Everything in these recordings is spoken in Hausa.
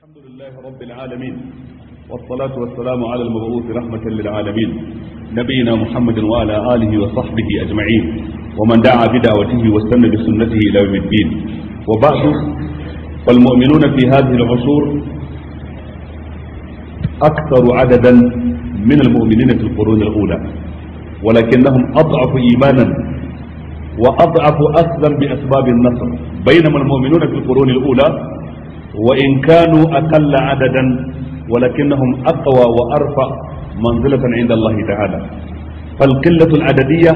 الحمد لله رب العالمين والصلاة والسلام على المبعوث رحمة للعالمين نبينا محمد وعلى آله وصحبه أجمعين ومن دعا بدعوته واستنى بسنته إلى يوم الدين وبعد فالمؤمنون في هذه العصور أكثر عددا من المؤمنين في القرون الأولى ولكنهم أضعف إيمانا وأضعف أصلا بأسباب النصر بينما المؤمنون في القرون الأولى وإن كانوا أقل عددا ولكنهم أقوى وأرفع منزلة عند الله تعالى فالقلة العددية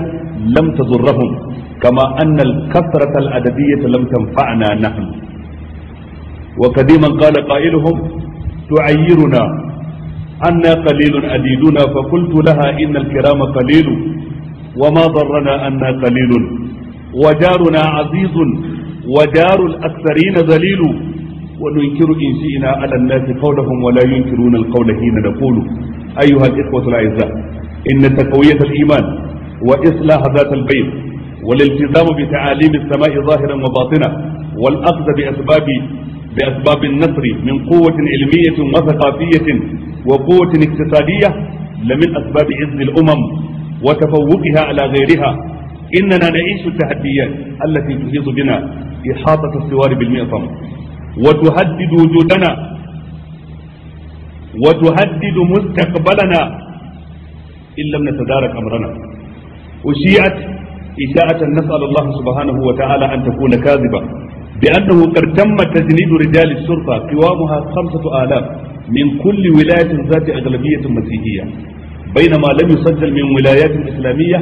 لم تضرهم كما أن الكثرة العددية لم تنفعنا نحن وقديما قال قائلهم تعيرنا أنا قليل عديدنا فقلت لها إن الكرام قليل وما ضرنا أنا قليل وجارنا عزيز وجار الأكثرين ذليل وننكر إن شئنا على الناس قولهم ولا ينكرون القول حين نقول أيها الإخوة الأعزاء إن تقوية الإيمان وإصلاح ذات البيت والالتزام بتعاليم السماء ظاهرا وباطنا والأخذ بأسباب بأسباب النصر من قوة علمية وثقافية وقوة اقتصادية لمن أسباب إذن الأمم وتفوقها على غيرها إننا نعيش التحديات التي تحيط بنا إحاطة السوار بالمئطم وتهدد وجودنا وتهدد مستقبلنا إن لم نتدارك أمرنا أشيعت إشاءة نسأل الله سبحانه وتعالى أن تكون كاذبة بأنه قد تم تجنيد رجال الشرطة قوامها خمسة آلاف من كل ولاية ذات أغلبية مسيحية بينما لم يسجل من ولايات إسلامية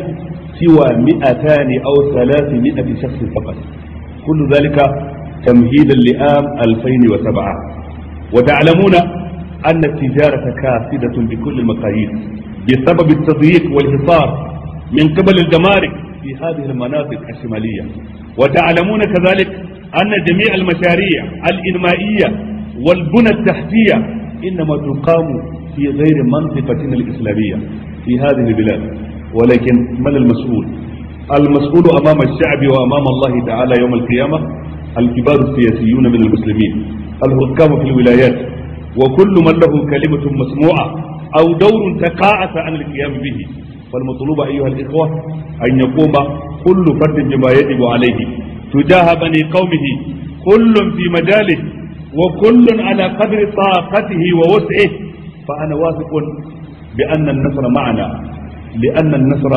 سوى مئتان أو ثلاثمائة شخص فقط كل ذلك تمهيدا لعام 2007 وتعلمون أن التجارة كاسدة بكل المقاييس بسبب التضييق والحصار من قبل الجمارك في هذه المناطق الشمالية وتعلمون كذلك أن جميع المشاريع الإنمائية والبنى التحتية إنما تقام في غير منطقتنا الإسلامية في هذه البلاد ولكن من المسؤول المسؤول أمام الشعب وأمام الله تعالى يوم القيامة الكبار السياسيون من المسلمين الحكام في الولايات وكل من له كلمة مسموعة أو دور تقاعس عن القيام به فالمطلوب أيها الإخوة أن يقوم كل فرد بما يجب عليه تجاه بني قومه كل في مجاله وكل على قدر طاقته ووسعه فأنا واثق بأن النصر معنا لأن النصر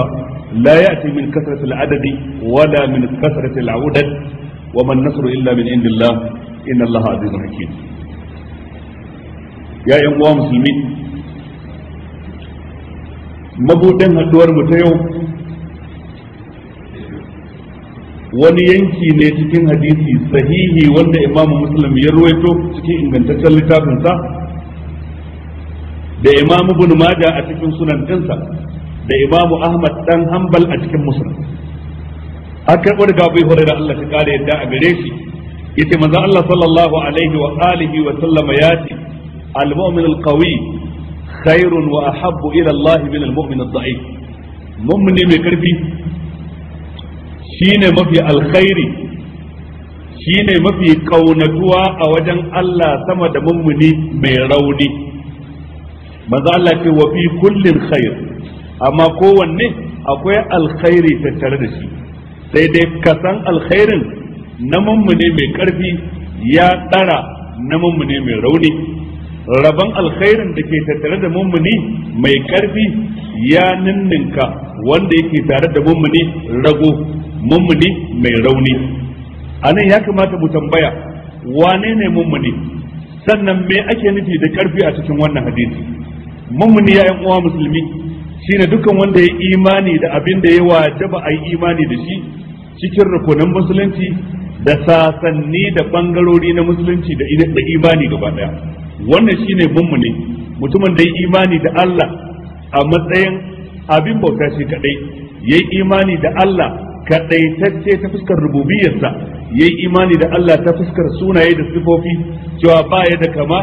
لا يأتي من كثرة العدد ولا من كثرة العدد wa man nasru illa min indillah inna allaha azizun hakim ya uwa musulmi mabudin haduwar mu ta yau wani yanki ne cikin hadisi sahihi wanda imam muslim ya ruwaito cikin ingantaccen littafinsa da imam ibn majah a cikin sunan dinsa da imam ahmad dan hanbal a cikin musnad an karɓo daga horai da Allah ta kare yadda a gare shi yace manzo Allah sallallahu alaihi wa alihi wa sallama yace al-mu'min al-qawi khairun wa ahabbu ila Allah min al-mu'min ad-da'if mu'mini mai karfi shine mafi alkhairi shine mafi kaunatuwa a wajen Allah sama da mu'mini mai rauni manzo Allah ce wa fi kullin khair amma kowanne akwai alkhairi tattare da shi sai dai kasan alkhairin na ne mai karfi ya ɗara na ne mai rauni rabon alkhairin da ke tattare da mummuni mai karfi ya ninninka wanda yake tare da mummuni rago mummuni mai rauni anan ya kamata mu tambaya wane ne mummuni sannan me ake nufi da ƙarfi a cikin wannan hadisi mummuni ya uwa musulmi shine dukkan wanda ya imani da abin da ya wajaba a yi imani da shi cikin rukunan musulunci da sasanni da bangarori na musulunci da imani gaba daya wannan shine ne, mutumin da ya imani da Allah a matsayin abin bauta shi kadai ya imani da Allah kadaitacce ta fuskar rububiyarsa ya imani da Allah ta fuskar sunaye da sifofi cewa ba ya da kama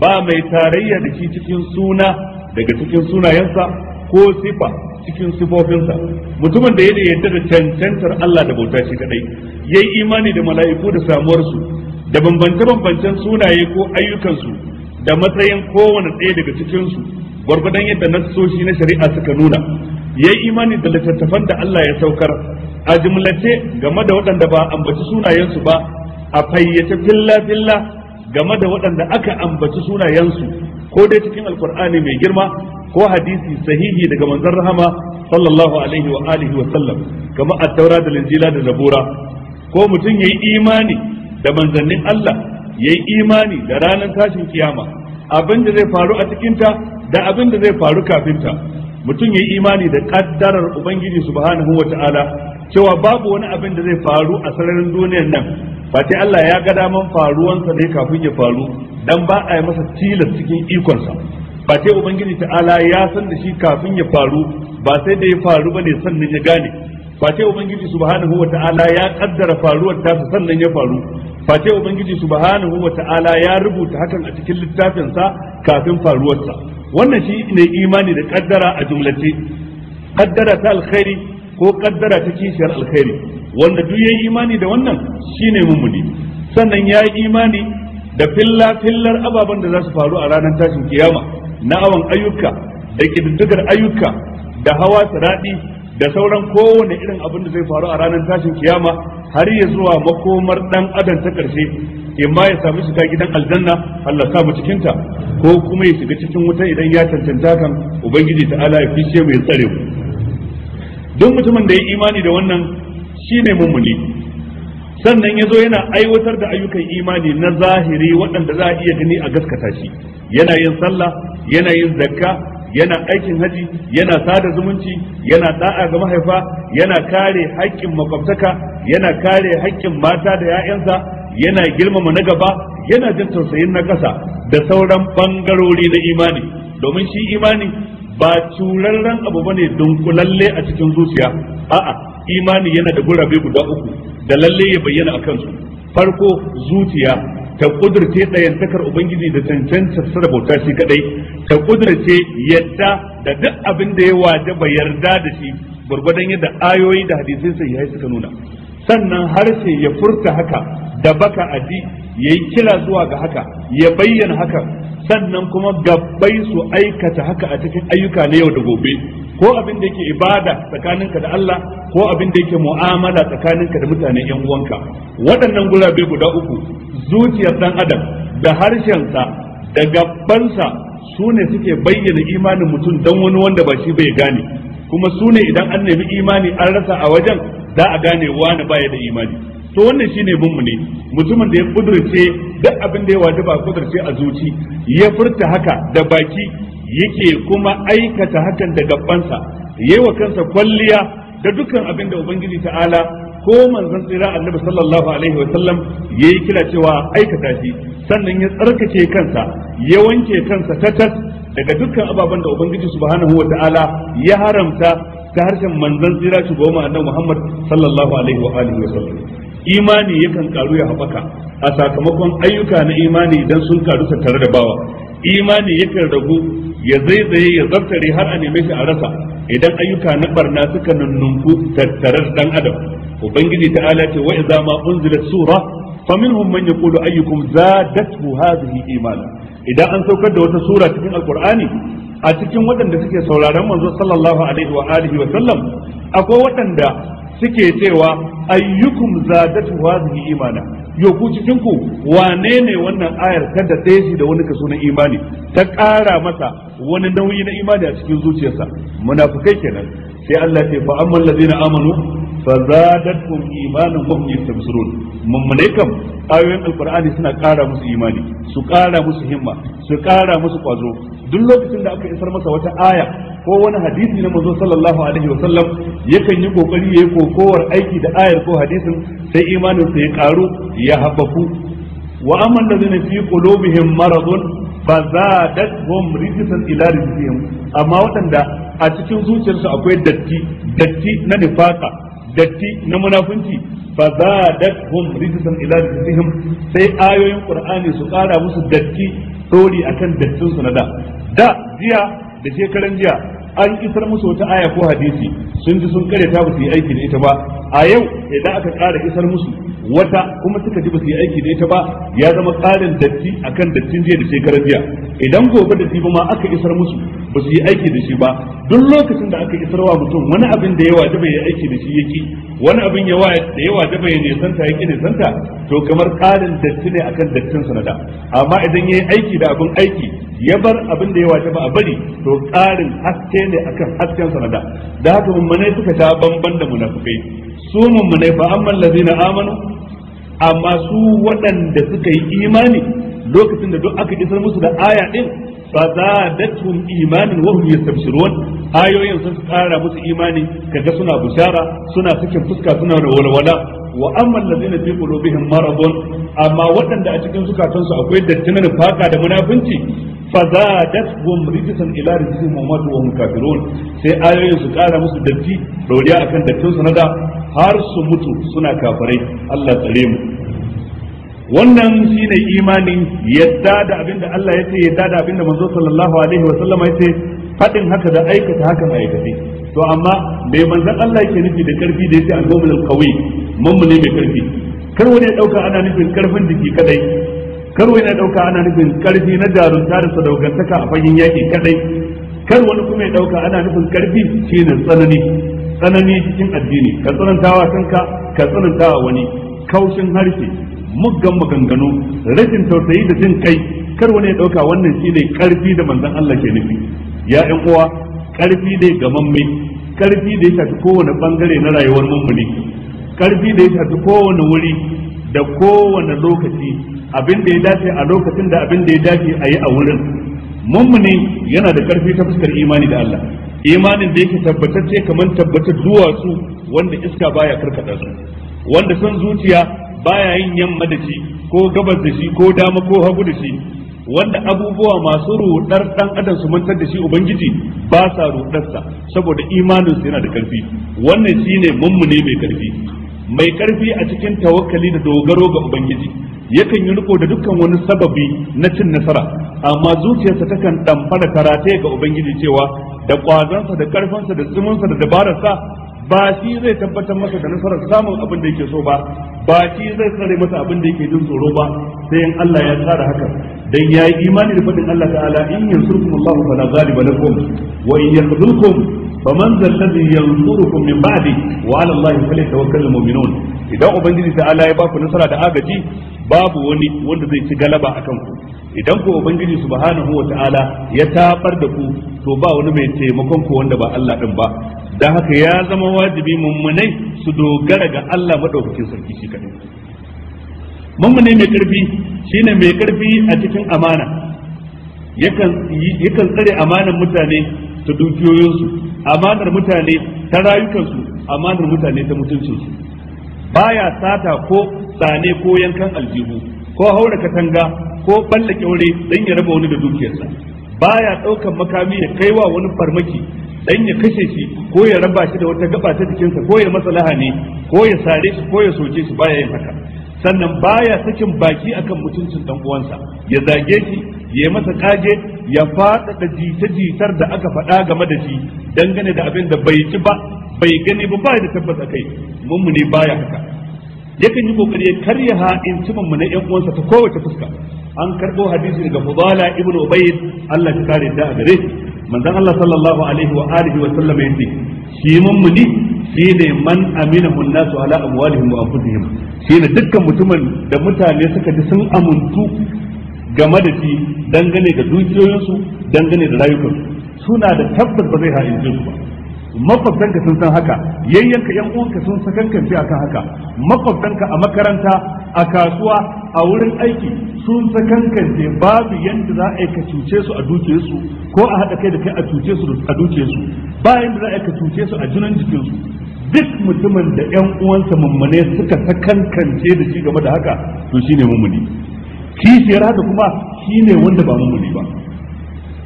ba mai tarayya da shi cikin suna daga cikin sunayensa ko sifa cikin sifofinsa mutumin da ya yadda da cancantar Allah da bauta shi kadai ya yi imani da mala'iku da samuwarsu da bambance-bambancen sunaye ko ayyukansu da matsayin kowane ɗaya daga cikinsu gwargwadon yadda nassoshi na shari'a suka nuna Ya yi imani da littattafan da Allah ya saukar a jimlace game da waɗanda ba a ambaci sunayensu ba a fayyace filla-filla game da waɗanda aka ambaci sunayensu ko dai cikin alkur'ani mai girma ko hadisi sahihi daga manzon rahama sallallahu alaihi wa alihi wa sallam kamar at-taura da linjila da zabura ko mutum yayi imani da manzannin Allah yayi imani da ranar tashin kiyama abin da zai faru a cikinta da abin da zai faru kafinta mutum yayi imani da kaddarar ubangiji subhanahu wa ta'ala cewa babu wani abin da zai faru a sararin duniyar nan face Allah ya ga daman faruwansa ne kafin ya faru dan ba a yi masa tilas cikin ikonsa face ubangiji ta'ala ya san da shi kafin ya faru ba sai da ya faru ba ne sannan ya gane face ubangiji subhanahu wata'ala ya kaddara faruwar tasa sannan ya faru face ubangiji subhanahu wata'ala ya rubuta hakan a cikin littafinsa kafin faruwarsa wannan shi ne imani da kaddara a jumlace kaddara ta alkhairi ko kaddara ta kishiyar alkhairi wanda duk yayi imani da wannan shine mumuni sannan yayi imani da filla fillar ababen da za su faru a ranar tashin kiyama na awan ayyuka da kididdigar ayyuka da hawa siradi da sauran kowane irin abin da zai faru a ranar tashin kiyama har ya zuwa makomar dan adam ta karshe imma ya samu shiga gidan aljanna Allah sa mu cikinta, ko kuma ya shiga cikin wuta idan ya tantanta kan ubangiji ta'ala ya fishe mai tsare mu duk mutumin da ya imani da wannan shine mummuni sannan ya zo yana aiwatar da ayyukan imani na zahiri waɗanda za a iya gani a gaskata shi yana yin sallah yana yin zakka yana aikin haji yana sada zumunci yana da'a ga mahaifa yana kare haƙƙin makwabtaka yana kare haƙƙin mata da 'ya'yansa yana girmama na gaba yana jin tausayin na ƙasa da sauran bangarori na imani domin shi imani ba turarren abu bane dunkulalle a cikin zuciya a'a imani yana da gurabe guda uku da lalle ya bayyana a kansu farko zuciya ta kudurce tsayantakar ubangiji da cancanta da bauta shi kadai ta kudurce yadda da duk abin da ya wajaba yarda da shi gwargwadon yadda ayoyi da hadisai sai ya suka nuna sannan harshe ya furta haka da baka aji ya yi kila zuwa ga haka ya bayyana haka sannan kuma gabbai su aikata haka a cikin ayyuka na yau da gobe ko abin da yake ibada tsakaninka da Allah ko abin da yake mu'amala tsakaninka da mutanen yan uwanka waɗannan gurabe guda uku zuciyar dan adam da harshensa da gabbansa su ne suke bayyana imanin mutum don wani wanda ba shi bai gane kuma su ne idan an nemi imani an rasa a wajen da a gane wani baya da imani to wannan shine ne mutumin da ya kudurce duk abin da ya wajaba kudurce a zuci ya furta haka da baki yake kuma aikata hakan da gabansa yayi wa kansa kwalliya da dukkan abin da ubangiji ta'ala ko manzon tsira annabi sallallahu alaihi wa sallam yayi kira cewa aikata shi sannan ya tsarkake kansa ya wanke kansa tatas daga dukkan ababen da ubangiji subhanahu wa ta'ala ya haramta ta harshen manzon tsira shugaban annabi Muhammad sallallahu alaihi wa alihi wa imani yakan karu ya haɓaka a sakamakon ayyuka na imani idan sun karu tare da bawa imani yakan ragu ya zaizaye ya zartare har a neme shi a rasa idan ayyuka na barna suka nunnunku tattare da dan adam ubangiji ta'ala ce wa idza ma unzilat sura faminhum man yaqulu ayyukum zadatu hadhihi imana idan an saukar da wata sura cikin alqur'ani a cikin waɗanda suke sauraron manzo sallallahu alaihi wa alihi wa sallam akwai waɗanda suke cewa ayyukum zadatu hadhihi imana yo ku cikin ku wane ne wannan ayar ta da shi da wani kaso na imani ta ƙara masa wani nauyi na imani a cikin zuciyarsa munafikai kenan sai Allah ya ce fa amman ladina amanu fa zadatkum imanan wa hum yastabsirun ayoyin alqur'ani suna ƙara musu imani su ƙara musu himma su ƙara musu kwazo duk lokacin da aka isar masa wata aya ko wani hadisi na manzo sallallahu alaihi wa sallam yakan yi kokari yayi kokowar aiki da ayar ko hadisin sai imanin sa ya karu ya habbaku wa amma allazina fi qulubihim maradun fazadatuhum rijsan ila rijsihim amma waɗanda a cikin zuciyarsu akwai datti datti na nifaka datti na munafunci fa zadatuhum rijsan ila rijsihim sai ayoyin qur'ani su ƙara musu datti dori akan dattin su na da da jiya da shekaran jiya an isar musu wata aya ko hadisi sun ji sun karyata ba su yi aiki da ita ba a yau idan aka kara isar musu wata kuma suka ji ba su yi aiki da ita ba ya zama karin datti akan dattin jiya da shekarar jiya idan gobe da ba ma aka isar musu ba su yi aiki da shi ba duk lokacin da aka isar wa mutum wani abin da yawa daba ya aiki da shi yaki wani abin yawa da yawa daba ya yake yaki santa? to kamar ƙarin datti ne akan dattin sanada amma idan ya yi aiki da abin aiki ya bar abin da ya wace ba a bari to karin haske ne akan hasken sanada da haka mummunai suka ta bamban da munafikai su mummunai fa amman ladina amanu amma su waɗanda suka yi imani lokacin da duk aka isar musu da aya din fa zadatum imanan wa hum yastabshirun ayoyin sun ƙara musu imani kaga suna bushara suna cikin fuska suna walwala wa amman ladina fi qulubihim maradun amma waɗanda a cikin zukatansu akwai dattinan faka da munafunci fazadathum rijsan ila rijsihim wa wa kafirun sai ayoyin su kara musu datti doriya akan dattin su na da har su mutu suna kafirai Allah tsare mu wannan shine imanin yadda da abinda Allah yace yadda da abinda manzo sallallahu alaihi wa sallama yace fadin haka da aikata hakan aikace to amma me manzan Allah yake nufi da karfi da yake al-mu'min al-qawi ne mai karfi kar wani ya dauka ana nufin karfin jiki kadai kar wani ya dauka ana nufin karfi na jarunta da sadaukantaka a fagen yaki kadai kar wani kuma ya dauka ana nufin karfi shine tsanani tsanani cikin addini ka tsanantawa kanka ka tsanantawa wani kaushin harshe muggan maganganu rashin tausayi da jin kai kar wani ya dauka wannan shine karfi da manzon Allah ke nufi ya uwa karfi da ga mamme karfi da ya shafi kowane bangare na rayuwar mummuni karfi da ya shafi kowane wuri da kowane lokaci abin da ya dace a lokacin da abin da ya dace a yi a wurin mummuni yana da karfi ta fuskar imani da Allah imanin da yake tabbatacce kamar tabbatar duwatsu wanda iska baya karkata su wanda son zuciya baya yin yamma da shi ko gabas da shi ko dama ko hagu da shi wanda abubuwa masu rudar dan adam su mantar da shi ubangiji ba sa sa saboda imanin yana da karfi wannan shine mummune mai karfi mai karfi a cikin tawakkali da dogaro ga ubangiji yakan yi riko da dukkan wani sababi na cin nasara amma zuciyarsa takan damfara karate ga ubangiji cewa da kwazansa da karfinsa da tsiminsa da sa, ba shi zai tabbatar masa da nasarar samun abin da yake so ba ba shi zai tsare masa abin da yake jin tsoro ba sai in Allah ya tsara haka dan yayi imani da fadin Allah ta'ala in yansurkum Allah fala ghaliba lakum wa in yakhdhulkum faman zal ladhi yansurukum min ba'di wa 'ala Allah falyatawakkalul mu'minun idan ubangiji ta'ala ya baku nasara da agaji babu wani wanda zai ci galaba akan ku idan ku ubangiji subhanahu wa ta'ala ya tabar da ku to ba wani mai taimakon ku wanda ba Allah din ba dan haka ya zama wajibi mummunai su dogara ga Allah madaukakin sarki shi kadai ne mai karfi shine mai karfi a cikin amana yakan tsare amanar mutane ta dukiyoyinsu amanar mutane ta rayukansu amanar mutane ta mutuncinsu baya sata ko tsane ko yankan aljihu ko haura katanga ko balle kyaure don ya raba wani da dukiyarsa baya ɗaukan makami ya kai wa wani farmaki dan ya kashe shi ko ya raba shi da wata gaba ta jikinsa ko ya masa lahani ko ya sare shi ko ya soke shi baya yin haka sannan baya sakin baki akan mutuncin dan uwansa ya zage shi ya masa kage ya faɗaɗa jita-jitar da aka faɗa game da shi dangane da abin da bai ci ba bai gani ba baya da tabbas akai ne baya haka yakan yi kokari ya karya ha in cimin mu na yan uwansa ta kowace fuska an karbo hadisi daga Fudala ibnu Ubayd Allah ya kare da a gare manzon Allah sallallahu alaihi wa alihi wa sallam yace shi ne. shine man Amina nasu ala amwalihim wa anfusihim shine dukkan mutumin da mutane suka ji sun amuntu game da shi dangane da dukiyoyinsu dangane da rayukansu suna da tabbas ba zai ha'ince su ba makwabtanka sun san haka yayyanka yan uwanka sun sakankance akan haka makwabtanka a makaranta a kasuwa a wurin aiki sun sakankance babu yanda za a yi ka cuce su a su ko a haɗa kai da kai a cuce su a dukiyarsu bayan da za a yi ka cuce su a junan jikinsu duk mutumin da yan uwansa mummune suka sakankance da shi game da haka to shine mummuni kishiyar haka kuma shine wanda ba mummuni ba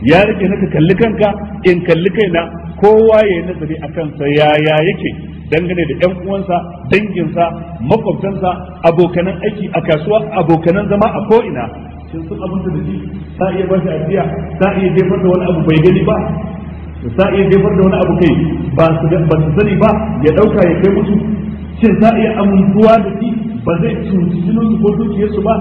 ya rike naka kalli kanka in kalli kaina kowa ya yi nazari a kansa yaya yake dangane da yan uwansa danginsa makwabtansa abokanan aiki a kasuwa abokanan zama a ko'ina shin sun abinta da shi ta iya ba shi ajiya ta iya jefar da wani abu bai gani ba ta iya jefar da wani abu kai ba su ba su sani ba ya dauka ya kai musu shin ta iya amintuwa da shi ba zai cuci jinin su ko dukiyarsu ba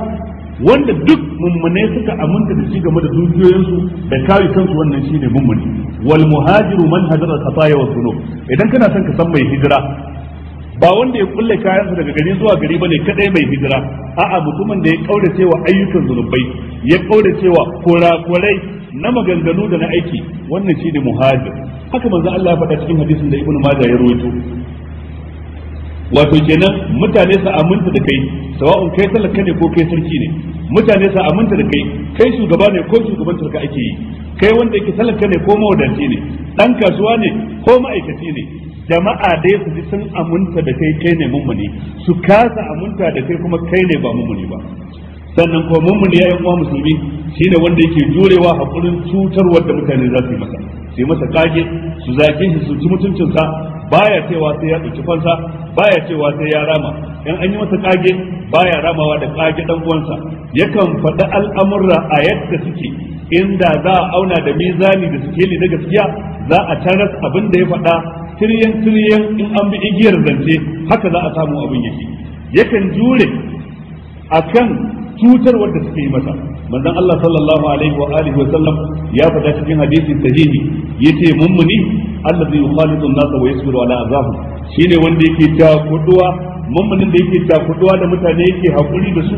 wanda duk mummune suka aminta da shi game da dukiyoyinsu da kawai kansu wannan ne mummune wal muhajiru man hajara al-khataya wa dhunub idan kana son ka san mai hijira ba wanda ya kulle kayansa daga gari zuwa gari bane kadai mai hijira a'a mutumin da ya kaura cewa ayyukan zunubai ya kaura cewa kurakurai na maganganu da na aiki wannan shi shine muhajir haka manzo Allah ya faɗa cikin hadisin da Ibn Majah ya rawaito wato kenan mutane su aminta da kai sawa'un kai talaka ne ko kai sarki ne mutane su aminta da kai kai shugaba ne ko shugabantar ka ake yi kai wanda yake talaka ne ko mawadaci ne dan kasuwa ne ko ma'aikaci ne jama'a dai su ji sun aminta da kai kai ne mummuni su kasa aminta da kai kuma kai ne ba mummuni ba sannan ko mummuni ya yi kuma musulmi shine wanda yake jurewa hakurin cutar wanda mutane za su yi masa su yi masa kage su zage shi su ci mutuncinsa baya cewa sai ya ɗauki fansa baya cewa sai ya rama in an yi masa kage baya ramawa da kage dan uwansa yakan faɗi al'amurra a yadda suke inda za a auna da mizani da suke sikeli na gaskiya za a taras abin da ya faɗa tiryan tiryan in an bi igiyar zance haka za a samu abin yake yakan jure a kan cutar wanda suke yi masa manzon Allah sallallahu alaihi wa alihi wa sallam ya faɗa cikin hadisi sahihi yace mummuni allazi yukhalitu an-nasa wa yasbiru ala azabihim shine wanda yake ta kuduwa mummunin da yake ta kuduwa da mutane yake hakuri da su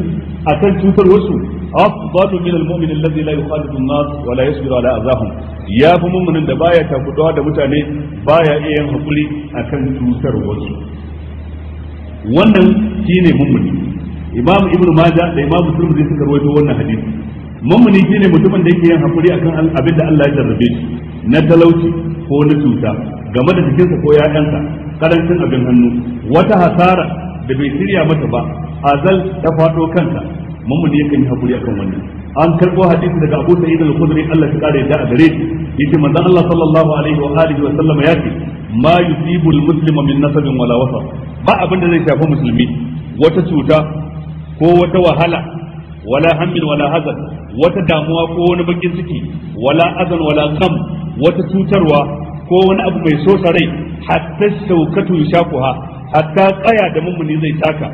akan cutar wasu afdalu min al-mu'min allazi la yukhalitu an-nas wa la yasbiru ala azabihim ya fi mummunin da baya ta kuduwa da mutane baya iya yin hakuri akan cutar wasu wannan shine mummuni imam ibnu maja da imam muslim zai suka rawaito wannan hadisi mummuni shine mutumin da yake yin hakuri akan abin da Allah ya jarrabe shi na talauci ko na cuta game da jikinsa ko ya'yansa karancin abin hannu wata hasara da bai shirya mata ba azal ta faɗo kanta ne yakan yi hakuri akan wannan an karɓo hadisi daga Abu Sa'id al-Khudri Allah ya kare da a gare shi yace manzon Allah sallallahu alaihi wa alihi wa sallama ce ma yusibu al muslimu min nasabin wala wasa ba abin da zai shafi musulmi wata cuta ko wata wahala wala hammin wala hazan wata damuwa ko wani bakin ciki wala azan wala gham wata cutarwa ko wani abu mai so rai hatta shaukatu yushakuha hatta tsaya da mummuni zai taka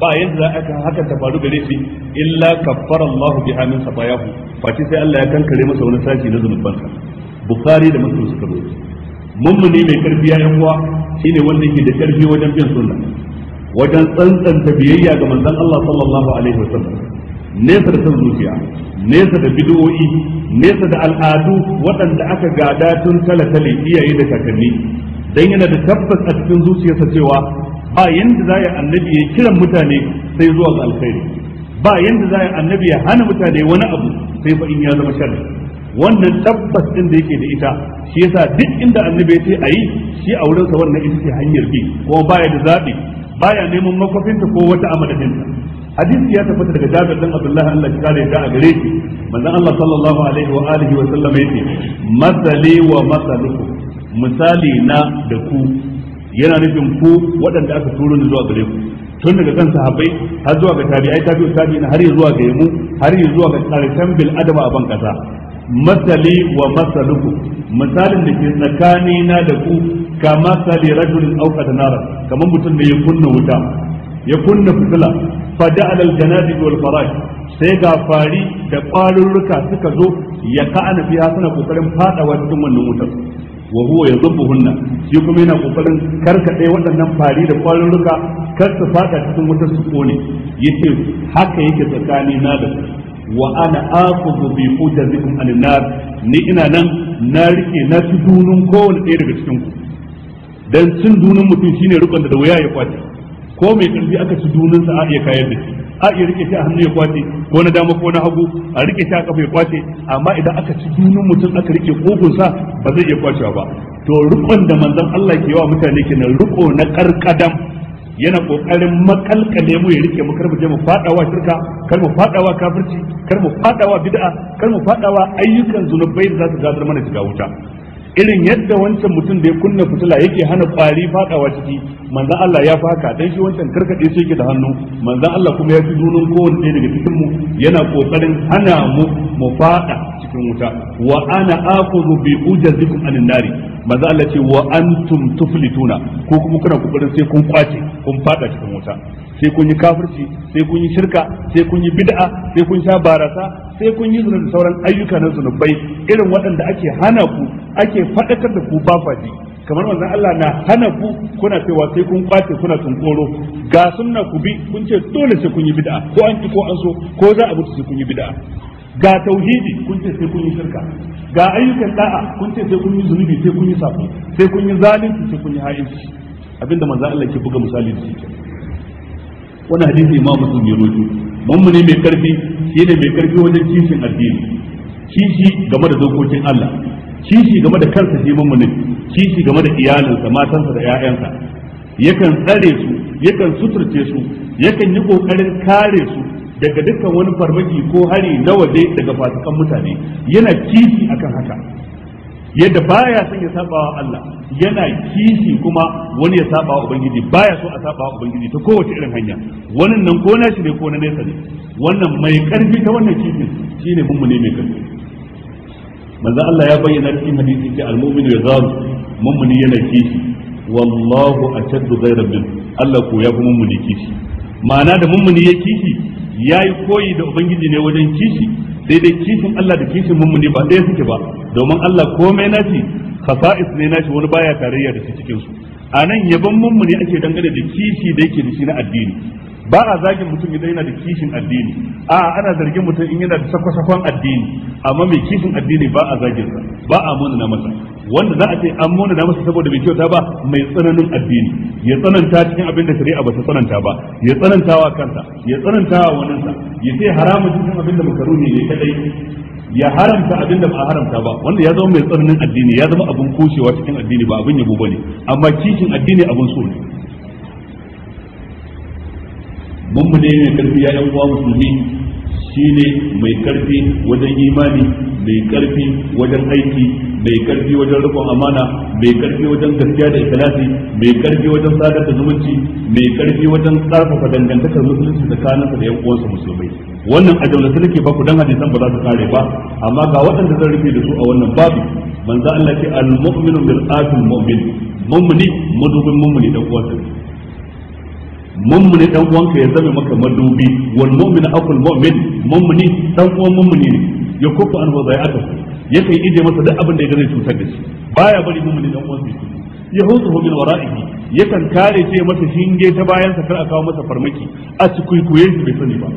ba yadda za a haka ta faru gare shi illa kaffara Allahu biha min sabayahu face sai Allah ya kankare masa wani sashi na zunubansa bukhari da muslim suka rubuta mummuni mai karfi ya yan uwa shine wanda yake da karfi wajen bin sunna wajen tsantsanta biyayya ga manzon Allah sallallahu alaihi wasallam nesa da san zuciya nesa da bid'o'i nesa da al'adu waɗanda aka gada tun talatale iyaye da kakanni dan yana da tabbas a cikin zuciyarsa cewa ba yanda za a yi annabi ya kiran mutane sai zuwa ga alkhairi ba yanda za a yi annabi ya hana mutane wani abu sai fa in ya zama sharri wannan tabbas ɗin da yake da ita shi yasa duk inda annabi ya ce a yi shi a wurinsa wannan ita ce hanyar bi ko baya da zabi baya neman makwafinta ko wata amadadinta hadisi ya tabbata daga Jabir dan Abdullah Allah ya kare da a gare shi manzon Allah sallallahu alaihi wa alihi wa sallam yace masali wa masalukum misali na da ku yana nufin ku waɗanda aka turo ni zuwa gare ku tun daga kan sahabbai har zuwa ga tabi'ai tabi'u tabi'in har zuwa ga mu, har zuwa ga karshen bil adama a ban kasa masali wa masaluku misalin da ke tsakani na da ku ka masali rajulin auqata nara kamar mutum da ya kunna wuta ya kunna fitila fa da'al wal faraj sai ga fari da ƙwarurruka suka zo ya ka'ana biya suna kokarin fadawa cikin wannan wutar wa huwa yadhubbuhunna shi kuma yana kokarin karkade waɗannan fari da ƙwarurruka kar su fada cikin wutar su kone yace haka yake tsakani na da wa ana aqubu bi hujazikum an-nar ni ina nan na rike na tudunun kowanne ɗaya daga cikin ku dan cin dunun mutum shine rukun da wuya ya kwace ko mai karfi aka ci dunin sa a iya kayar da shi a iya rike shi a hannu ya kwace ko na dama ko na hagu a rike shi a kafa ya kwace amma idan aka ci dunin mutum aka rike kogun sa ba zai iya kwacewa ba to rukon da manzon Allah ke wa mutane kenan ruko na karkadam yana kokarin makalkale mu ya rike mu kar mu je mu fadawa shirka kar mu fadawa kafirci kar mu fadawa bid'a kar mu fadawa ayyukan zunubai da za su gadar mana shiga wuta irin yadda wancan mutum da ya kunna fitila yake hana kwari fadawa ciki manzan Allah ya faka dan shi wancan karkade sai yake da hannu manzan Allah kuma ya fi dunun kowanne ɗaya daga cikin mu yana kokarin hana mu mu fada cikin wuta wa ana aqulu bi ujazikum anin nari manzo Allah ce wa antum tuflituna ko kuma kuna kokarin sai kun kwace kun fada cikin wuta sai kun yi kafirci sai kun yi shirka sai kun yi bid'a sai kun sha barasa sai kun yi zina da sauran ayyuka na zunubai irin waɗanda ake hana ku ake faɗakar da ku ba faɗi kamar manzon Allah na hana ku kuna cewa sai kun kwace kuna tunkoro ga sunna ku bi kun ce dole sai kun yi bid'a ko an ki ko an so ko za a mutu sai kun yi bid'a ga tauhidi kun ce sai kun yi shirka ga ayyukan da'a kun ce sai kun yi zunubi sai kun yi safi sai kun yi zalunci sai kun yi ha'inci abinda manzo Allah ke buga misali da shi wannan hadisi imam muslim ya rojo mummune mai karfi shine mai karfi wajen kishin addini kishi game da dokokin Allah kishi game da kansa shi mummune kishi game da iyalinsa matansa da 'ya'yansa yakan tsare su yakan suturce su yakan yi kokarin kare su daga dukkan wani farmaki ko hari na waje daga fasikan mutane yana kishi akan haka yadda baya son ya saba wa Allah yana kishi kuma wani ya saba wa ubangiji baya so a saba wa ubangiji ta kowace irin hanya wannan nan ko na shi ne ko na nesa ne wannan mai karfi ta wannan kishin shine mummune mai karfi manzo Allah ya bayyana cikin hadisi ce al-mu'minu yazaru mummuni yana kishi wallahu ashaddu ghayra bil Allah ko ya fi mummuni kishi ma'ana da mummuni ya kishi Ya yi koyi da ubangiji ne wajen kishi daidai dai kishin Allah da kishin mummuni ba ɗaya suke ba domin Allah komai nashi khasa'is ne nashi wani baya tarayya da su cikin su anan yaban mummuni ake dangane da kishi da yake da shi na addini ba a zagin mutum idan yana da kishin addini a ana zargin mutum in yana da sakwasakon addini amma mai kishin addini ba a zagin sa ba a munana masa wanda za a ce an munana masa saboda mai kyauta ba mai tsananin addini ya tsananta cikin abin da shari'a ba ta tsananta ba ya tsananta wa kansa ya tsananta wa sa ya sai haramun cikin abin da makaru ne kadai ya haramta abin da ba a haramta ba wanda ya zama mai tsananin addini ya zama abin kushewa cikin addini ba abin yabo bane amma kishin addini abin so ne mummune mai karfi ya yan uwa musulmi shine mai karfi wajen imani mai karfi wajen aiki mai karfi wajen rikon amana mai karfi wajen gaskiya da ikhlasi mai karfi wajen sadar da zumunci mai karfi wajen karfafa dangantakar musulunci tsakaninsa da yan uwansa musulmai wannan a jawlace nake ba ku dan hadisan ba za su kare ba amma ga waɗanda zan rufe da su a wannan babu manzo Allah ke al-mu'minu bil mu'min mu'mini madubin mu'mini dan uwansa mummuni dan uwanka ya zame maka madubi wal mu'min aqul mu'min mummuni dan uwan mummuni ne ya kufa an ya kai ije masa duk abin da ya gane cutar da shi baya bari mummuni dan uwansa ya cutar hu min wara'ihi yakan kare ce masa shinge ta bayan sa kar a kawo masa farmaki a cikuikuyen shi bai sani ba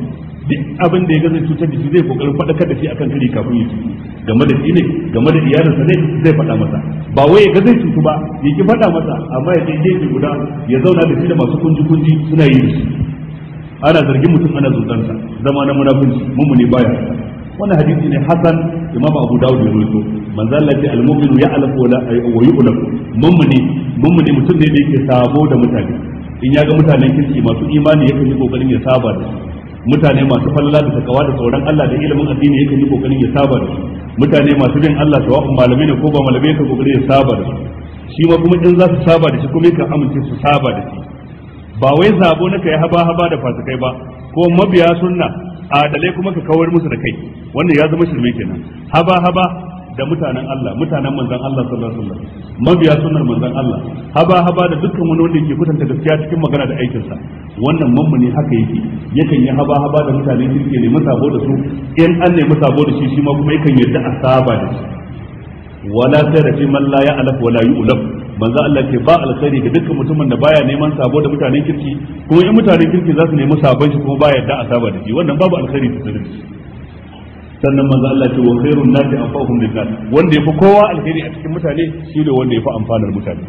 duk abin da ya ga zai cutar da shi zai kokarin faɗakar da shi akan kari kafin ya cutu game da shi ne game da iyalinsa ne zai faɗa masa ba wai ya ga zai cutu ba ya ki faɗa masa amma ya je gefe guda ya zauna da shi da masu kunji kunji suna yi shi ana zargin mutum ana zuntansa zama na munafunci ne baya wannan hadisi ne hasan imam abu dawud ya rawaito manzo Allah ya al mun mu wa mun mu ne. mutum ne da yake sabo da mutane in ya ga mutanen kirki masu imani yakan yi kokarin ya saba da su mutane masu falla da takawa da tsoron Allah da ilimin addini yake yi kokarin ya saba da su mutane masu bin Allah sawa'un malami ne ko ba malamai yake kokarin ya saba da su shi ma kuma in za su saba da shi kuma yake amince su saba da shi ba wai zabo na kai haba haba da fasikai ba ko mabiya sunna adalai kuma ka kawar musu da kai wannan ya zama shirme kenan haba haba da mutanen Allah mutanen manzon Allah sallallahu alaihi wasallam mabiya sunnar manzon Allah haba haba da dukkan wani wanda yake kwatanta gaskiya cikin magana da aikin sa wannan mammuni haka yake yakan yi haba haba da mutanen kirki ne sabo da su in an ne sabo da shi shi ma kuma yakan yarda a saba da shi wala sayra fi man la ya'laf wala yu'laf manzo Allah ke ba alkhairi ga dukkan mutumin da baya neman sabo da mutanen kirki kuma in mutanen kirki za su nemi sabon shi kuma baya yarda a saba da shi wannan babu alkhairi da shi. sannan manzo Allah ce wa khairun nasi afahum linnas wanda yafi kowa alheri a cikin mutane shi ne wanda yafi amfanar mutane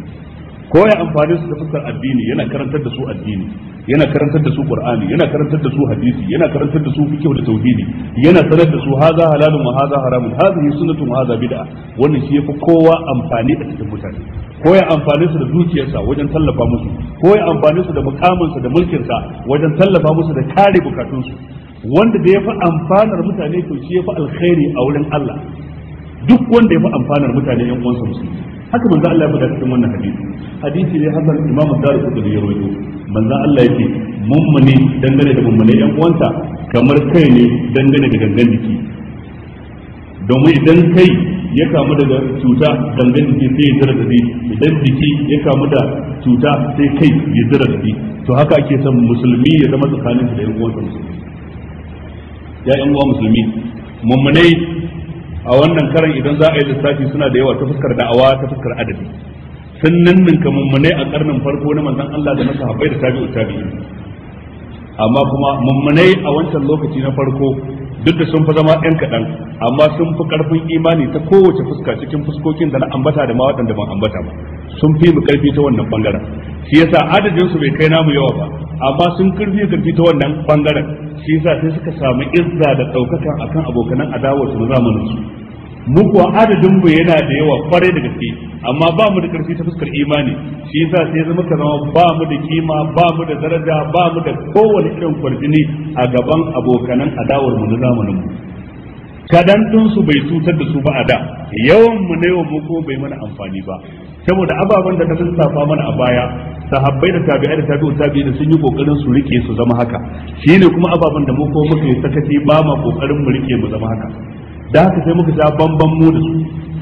ko ya amfani su da fuskar addini yana karantar da su addini yana karantar da su qur'ani yana karantar da su hadisi yana karantar da su fiqh da tauhidi yana sanar da su haza halalun wa haza haramun hadhihi sunnatun wa haza bid'a wannan shi yafi kowa amfani a cikin mutane ko ya amfani su da dukiyarsa wajen tallafa musu ko ya amfani su da mukamin da mulkinsa wajen tallafa musu da kare bukatunsu wanda da ya fi amfanar mutane to shi ya fi alkhairi a wurin Allah duk wanda ya fi amfanar mutane yan uwansa musulmi haka manzo Allah ya faɗa cikin wannan hadisi hadisi ne hasan imamu daru ko da yaro rawaito manzo Allah yake mummune dangane da mummune yan uwansa kamar kai ne dangane da gangan jiki domin idan kai ya kamu da cuta gangan jiki sai ya zira da zai idan jiki ya kamu da cuta sai kai ya zira da zai to haka ake son musulmi ya zama tsakaninsa da yan uwansa musulmi ya yan uwa musulmi mummunai a wannan karan idan za a yi lissafi suna da yawa ta fuskar da'awa ta fuskar adadi sun nan ninka mummunai a karnin farko na manzan Allah da na habai da tabi'u tabi'in amma kuma mummunai a wancan lokaci na farko duk da sun fi zama ɗan kaɗan amma sun fi ƙarfin imani ta kowace fuska cikin fuskokin da na ambata da ma waɗanda ban ambata ba sun fi mu ƙarfi ta wannan ɓangaren shi yasa adadin su bai kai namu yawa ba amma sun ƙarfi ƙarfi ta wannan ɓangaren shi yasa sai suka samu izza da ɗaukaka akan abokanan adawarsu na zamanin su mu kuwa adadin mu yana da yawa ƙwarai da gaske amma ba mu da karfi ta fuskar imani shi yasa sai zama ka zama ba mu da kima ba mu da daraja ba mu da kowane irin kwarjini a gaban abokanan adawar mu na zamanin mu kadan su bai cutar da su ba a da yawan mu na yau ko bai mana amfani ba saboda ababen da ta lissafa mana a baya sahabbai da tabi'ai da tabi'u tabi'i da sun yi kokarin su rike su zama haka shine kuma ababen da mu ko muke sakaci ba ma kokarin mu rike mu zama haka da haka sai muka sha bamban mu da su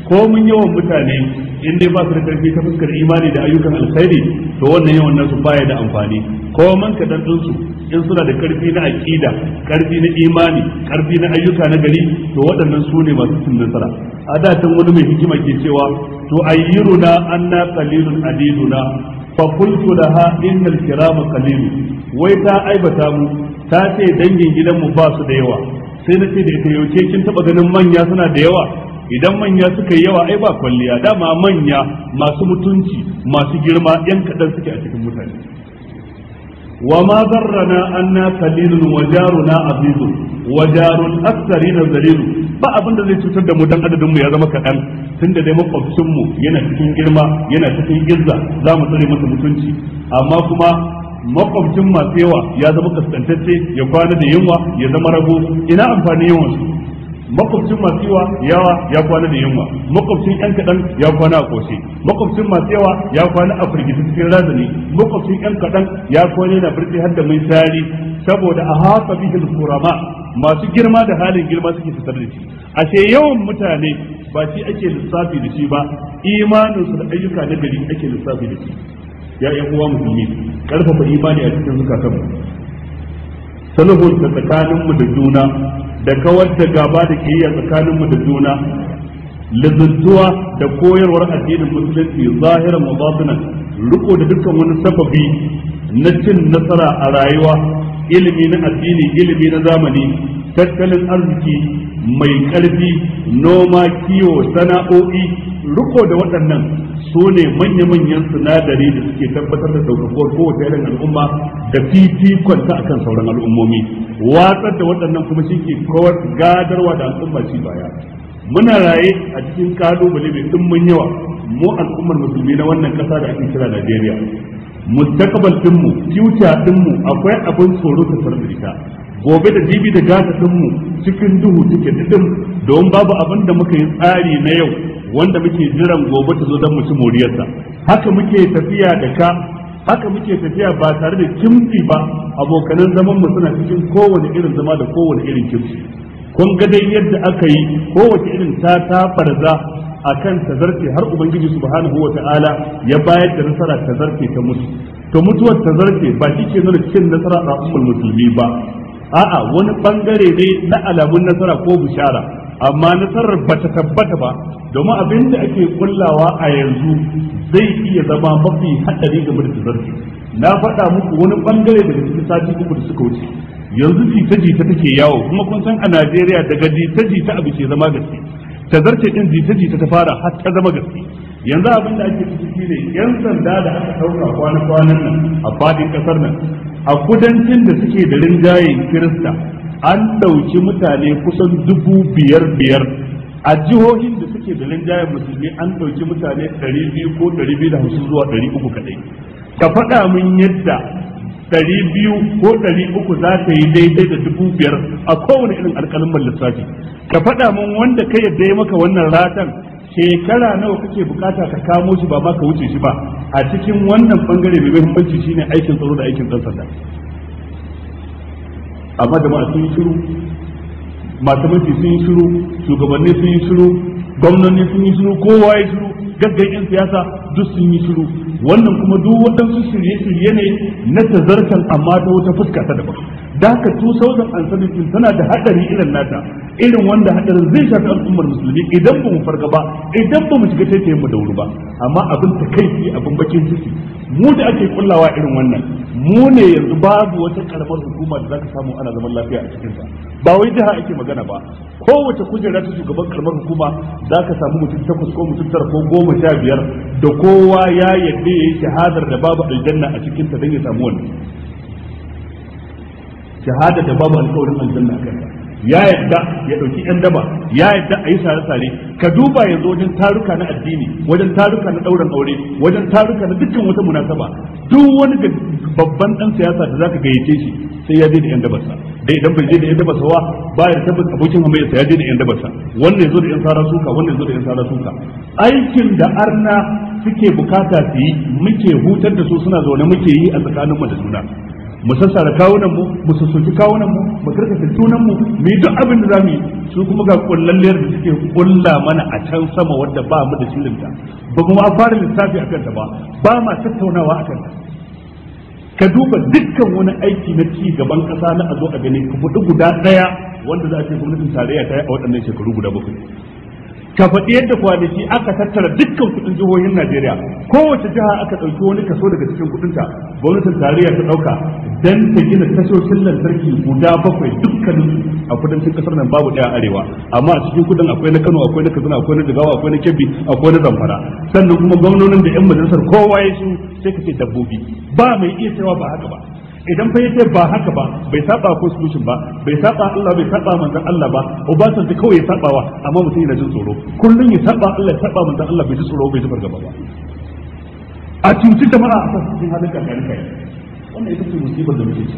ko mun yawan mutane in dai ba su da karfi ta fuskar imani da ayyukan alkhairi to wannan yawan nasu baya da amfani ko man ka din su in suna da karfi na aqida karfi na imani karfi na ayyuka na gari to waɗannan su ne masu cin nasara a da tun wani mai hikima ke cewa to ayyiruna anna qalilun adiduna fa qultu laha innal kirama qalilun wai ta aibata mu ta ce dangin gidanmu ba su da yawa sai na ce da ita yauce kin taba ganin manya suna da yawa idan manya suka yi yawa ai ba kwalliya dama manya masu mutunci masu girma yan kaɗan suke a cikin mutane wa ma zarrana anna qalilun wa jaruna azizun wa jarul da zalilun ba abin da zai cutar da mu dan adadin mu ya zama kaɗan tunda dai makwabcin mu yana cikin girma yana cikin girza za mu tsare masa mutunci amma kuma makwabcin masu yawa ya zama kaskantacce ya kwana da yunwa ya zama rago ina amfani yawansu? makwabcin masu yawa yawa ya kwana da yunwa makwabcin yan kadan ya kwana a ƙoshe. makwabcin masu yawa ya kwana a firgita cikin razani makwabcin yan kaɗan ya kwana na birni har da mai sari saboda a haka bihin kurama masu girma da halin girma suke fitar da shi ashe yawan mutane ba shi ake lissafi da shi ba imaninsu da ayyuka na gari ake lissafi da shi ya yan uwa musulmi karfafa imani a cikin zukatanmu sanuhun da tsakaninmu da juna da kawar da gaba da ke yi tsakanin tsakaninmu da juna lazantuwa da koyarwar addinin musulunci zahiran mabatinan riko da dukkan wani sababi na cin nasara a rayuwa ilimi na addini ilimi na zamani tattalin arziki mai ƙarfi noma kiwo sana'o'i riko da waɗannan su ne manya-manyan sinadari da suke tabbatar da ɗaukakuwar kowace irin al'umma da fifikon ta akan sauran al'ummomi watsar da waɗannan kuma shi ke kawar gadarwa da al'umma shi baya muna raye a cikin kalubale mai ɗimbin yawa mu al'ummar musulmi na wannan ƙasa da ake kira Najeriya mustaqbal dinmu future dinmu akwai abin tsoro ta sanar gobe da jibi da gata dinmu cikin duhu cikin didin don babu abin da muka yi tsari na yau wanda muke jiran gobe ta zo don mu ci moriyarsa haka muke tafiya da ka haka muke tafiya ba tare da kimfi ba abokanan zaman mu suna cikin kowane irin zama da kowane irin kimfi kun ga dai yadda aka yi kowace irin ta ta farza kan tazarce har ubangiji subhanahu Ta'ala ya bayar da nasara tazarce ta mutu to mutuwar tazarce ba shi ke nuna cikin nasara a ummul musulmi ba a'a wani bangare ne na alamun nasara ko bishara amma nasarar ba ta tabbata ba domin abin da ake kullawa a yanzu zai iya zama mafi haɗari game da tazarci na faɗa muku wani ɓangare daga cikin sati uku da suka wuce yanzu jita-jita take yawo kuma kun san a najeriya daga jita-jita abu ke zama gaske Ta tazarce ɗin jita-jita ta fara har ta zama gaske yanzu abin da ake ciki ne yan sanda da aka ɗauka kwana-kwanan nan a faɗin ƙasar nan a kudancin da suke da rinjayen kirista an ɗauki mutane kusan dubu biyar biyar a jihohin da suke da linjayen musulmi an ɗauki mutane ɗari biyu ko ɗari biyu da hamsin zuwa ɗari uku kaɗai ka faɗa min yadda ɗari biyu ko ɗari uku za ta yi daidai da dubu biyar a kowane irin alƙalin lissafi ka faɗa min wanda ka yadda ya maka wannan ratan shekara nawa kake bukata ka kamo shi ba ma ka wuce shi ba a cikin wannan bangare mai muhimmanci shine aikin tsaro da aikin ɗan sanda amma jama'a sun yi shiru masu mulki sun yi shiru shugabanni sun yi shiru gwamnoni sun yi shiru kowa ya shiru gaggai yan siyasa duk sun yi shiru wannan kuma duk waɗansu shirye-shirye ne na tazartan amma ta wata fuska ta daban da haka 2017 tana da haɗari irin nata irin wanda haɗarin zai shafi al'ummar musulmi idan ba mu farga ba idan ba mu shiga taitayen mu da wuri ba amma abin ta kai abin bakin ciki mu da ake kullawa irin wannan mu ne yanzu babu wata karamar hukuma da za ka samu ana zaman lafiya a cikinta ba wai jiha ake magana ba kowace kujera ta shugaban karamar hukuma za ka samu mutum takwas ko mutum tara ko goma sha biyar da kowa ya yadda ya yi shahadar da babu aljanna a cikinta ta don ya samu wani shahada da babu alkawarin aljanna a kanta ya yadda ya dauki yan daba ya yadda a yi sare-sare ka duba yanzu wajen taruka na addini wajen taruka na ɗauran aure wajen taruka na dukkan wata munasaba duk wani babban dan siyasa da zaka gayyace shi sai ya je da yan dabarsa Da idan bai je da yan dabarsa wa ba ya tabbata abokin hamayya ya je da yan dabarsa wannan yazo da yan sara suka wannan yazo da yan sara suka aikin da arna suke bukata su yi muke hutar da su suna zaune muke yi a tsakanin mu da juna mu sassara kawunan mu mu sassoki kawunan mu mu karkace sunan mu mu yi duk abin da zamu yi su kuma ga kullalliyar da suke kulla mana a can sama wadda ba mu da ta ba kuma a fara lissafi akan ta ba ba ma tattaunawa akan ta ka duba dukkan wani aiki na ci gaban kasa na a zo a gani ku budu guda daya wanda za a ce gwamnatin tarayya ta yi a waɗannan shekaru guda bakwai ka faɗi yadda kwanaki aka tattara dukkan kuɗin jihohin Najeriya kowace jiha aka ɗauki wani kaso daga cikin kuɗinta gwamnatin tarayya ta ɗauka dan ta gina tashoshin lantarki guda bakwai dukkanin a kudancin kasar nan babu ɗaya arewa amma a cikin kudin akwai na Kano akwai na Kaduna akwai na Jigawa akwai na Kebbi akwai na Zamfara sannan kuma gwamnonin da 'yan majalisar kowa ya su sai ka ce dabbobi ba mai iya cewa ba haka ba idan fa yace ba haka ba bai saba solution ba bai saba Allah bai saba manzon Allah ba Obasanjo kawai ya saba wa amma mutum yana jin tsoro kullun ya saba Allah ya saba manzon Allah bai ji tsoro bai ji fargaba ba a cikin jama'a a cikin halin kakari kai wannan ita ce musibar da muke ci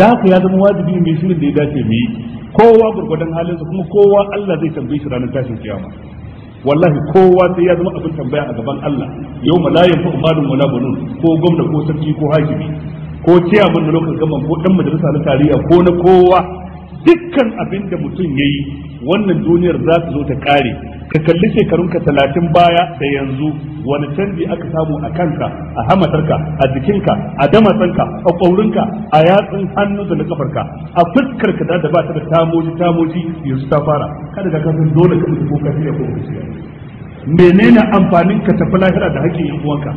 da haka ya zama wajibi mai shirin da ya dace mu yi kowa gurgurdan halinsa kuma kowa Allah zai tambaye shi ranar tashin kiyama wallahi kowa sai ya zama abin tambaya a gaban Allah yau ma la yanfa'u malun wala bunun ko gwamna ko sarki ko hakimi ko ciyaman mun lokacin gaban ko dan majalisa na tarayya ko na kowa dukkan abin da mutum yayi wannan duniyar za ta zo ta kare ka kalli shekarun ka talatin baya da yanzu wani canji aka samu a kanka a hamatarka a jikinka a damatsanka a ƙaurinka a yatsun hannu da na kafarka a fuskar ka da ba ta da tamoji tamoji yanzu ta fara kada ka kasan dole ka ko ka shirya ko ka shirya menene amfanin ka tafi lahira da hakkin yan uwanka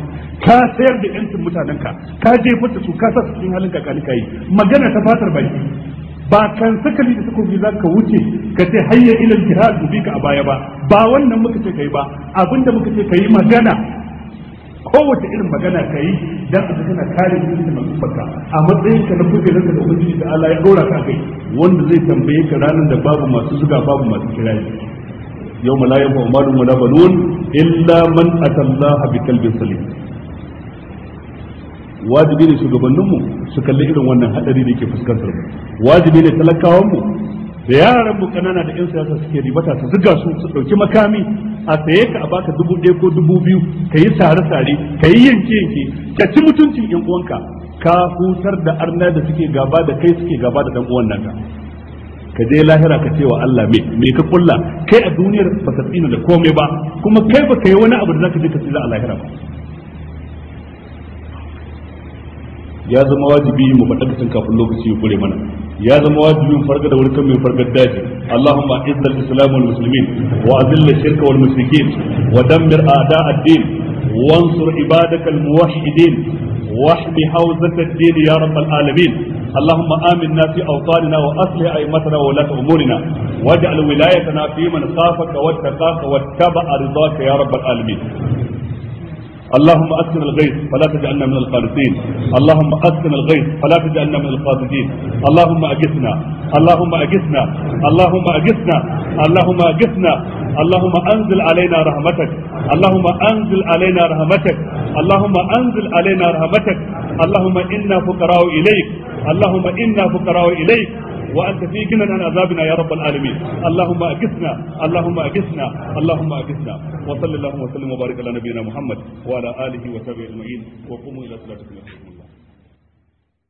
ka sayar da yancin mutanenka ka jefar da su ka sa cikin halin kakani kai magana ta fatar baki ba kan sakali da takobi za ka wuce ka ce hayya ilal jihad bi ka a baya ba ba wannan muka ce kai ba abinda muka ce kai magana kowace irin magana ka yi dan a tana kare mutunci da kufarka a matsayin ka na kujerar da ubangiji da Allah ya dora ka kai wanda zai tambaye ka ranar da babu masu zuga babu masu kirayi yawma la yanfa'u mu wala banun illa man atallaha bi qalbin salim wajibi ne shugabanninmu su kalli irin wannan hadari da ke fuskantar mu wajibi ne talakawanmu da yaran mu kanana da yan siyasa suke ribata su zuga su su dauki makami a tsaye ka a baka dubu ɗaya ko dubu biyu ka yi sare sare ka yi yanke yanke ka ci mutuncin yan uwanka ka hutar da arna da suke gaba da kai suke gaba da ɗan uwan naka ka je lahira ka ce wa Allah me me ka kulla kai a duniyar ba ka tsina da komai ba kuma kai ba ka yi wani abu da zaka je ka tsira a lahira ba ya zama wajibi mu fada cikin kafin lokaci ya kure mana ya zama wajibi mu farga da kan mai fargar daji Allahumma izzal islam wal muslimin wa azil shirk wal mushrikin wa dammir a'da ad-din wansur ibadaka al muwahhidin واحمي حوزة din ya rabbal alamin اللهم آمنا في أوطاننا وأصلح أئمتنا وولاة أمورنا واجعل ولايتنا في من خافك واتقاك واتبع رضاك يا رب العالمين اللهم أسكن الغيث فلا تجعلنا من القانتين اللهم أسكن الغيث فلا تجعلنا من القانتين اللهم أجثنا اللهم أجثنا اللهم أجثنا اللهم أجثنا اللهم أنزل علينا رحمتك اللهم أنزل علينا رحمتك اللهم أنزل علينا رحمتك اللهم إنا فقراء إليك اللهم إنا فقراء إليك وأنت في غنى عن عذابنا يا رب العالمين اللهم أكسنا اللهم أكسنا اللهم أكسنا وصلى اللهم وسلم وبارك على نبينا محمد وعلى آله وصحبه أجمعين وقوموا إلى صلاتكم